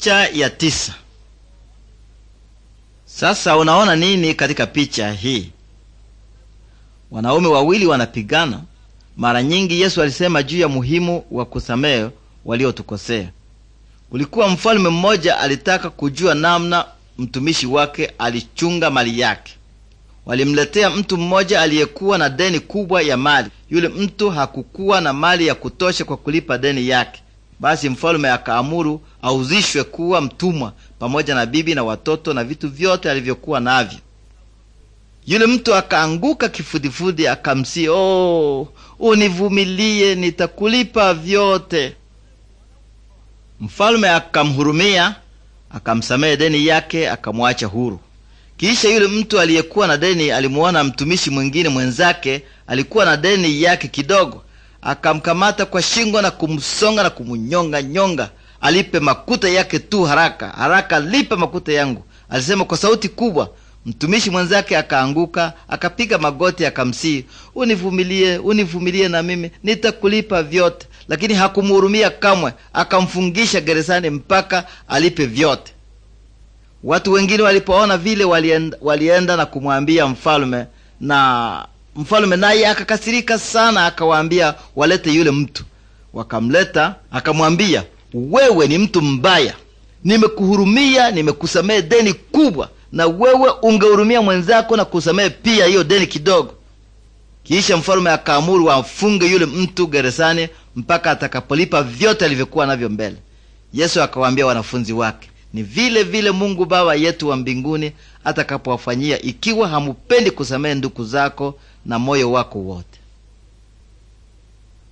Picha ya tisa. Sasa unaona nini katika picha hii? Wanaume wawili wanapigana. Mara nyingi Yesu alisema juu ya muhimu wa kusamehe waliotukosea. Kulikuwa mfalme mmoja alitaka kujua namna mtumishi wake alichunga mali yake. Walimletea mtu mmoja aliyekuwa na deni kubwa ya mali. Yule mtu hakukuwa na mali ya kutosha kwa kulipa deni yake. Basi mfalume akaamuru auzishwe kuwa mtumwa pamoja na bibi na watoto na vitu vyote alivyokuwa navyo. Yule mtu akaanguka kifudifudi, akamsi oh, univumilie, nitakulipa vyote. Mfalume akamhurumia, akamsamehe deni yake, akamwacha huru. Kisha yule mtu aliyekuwa na deni alimuona mtumishi mwingine mwenzake alikuwa na deni yake kidogo, akamkamata kwa shingo na kumsonga na kumunyonga nyonga. Alipe makuta yake tu haraka haraka, alipe makuta yangu, alisema kwa sauti kubwa. Mtumishi mwenzake akaanguka akapiga magoti akamsii, univumilie, univumilie na mimi nitakulipa vyote. Lakini hakumhurumia kamwe, akamfungisha gerezani mpaka alipe vyote. Watu wengine walipoona vile walienda, walienda na kumwambia mfalme na Mfalme naye akakasirika sana, akawaambia walete yule mtu. Wakamleta, akamwambia, wewe ni mtu mbaya, nimekuhurumia, nimekusamehe deni kubwa, na wewe ungehurumia mwenzako na kusamehe pia hiyo deni kidogo. Kisha mfalume akaamuru wamfunge yule mtu gerezani mpaka atakapolipa vyote alivyokuwa navyo mbele. Yesu akawaambia wanafunzi wake, ni vile vile Mungu Baba yetu wa mbinguni atakapowafanyia ikiwa hamupendi kusamehe ndugu zako na moyo wako wote.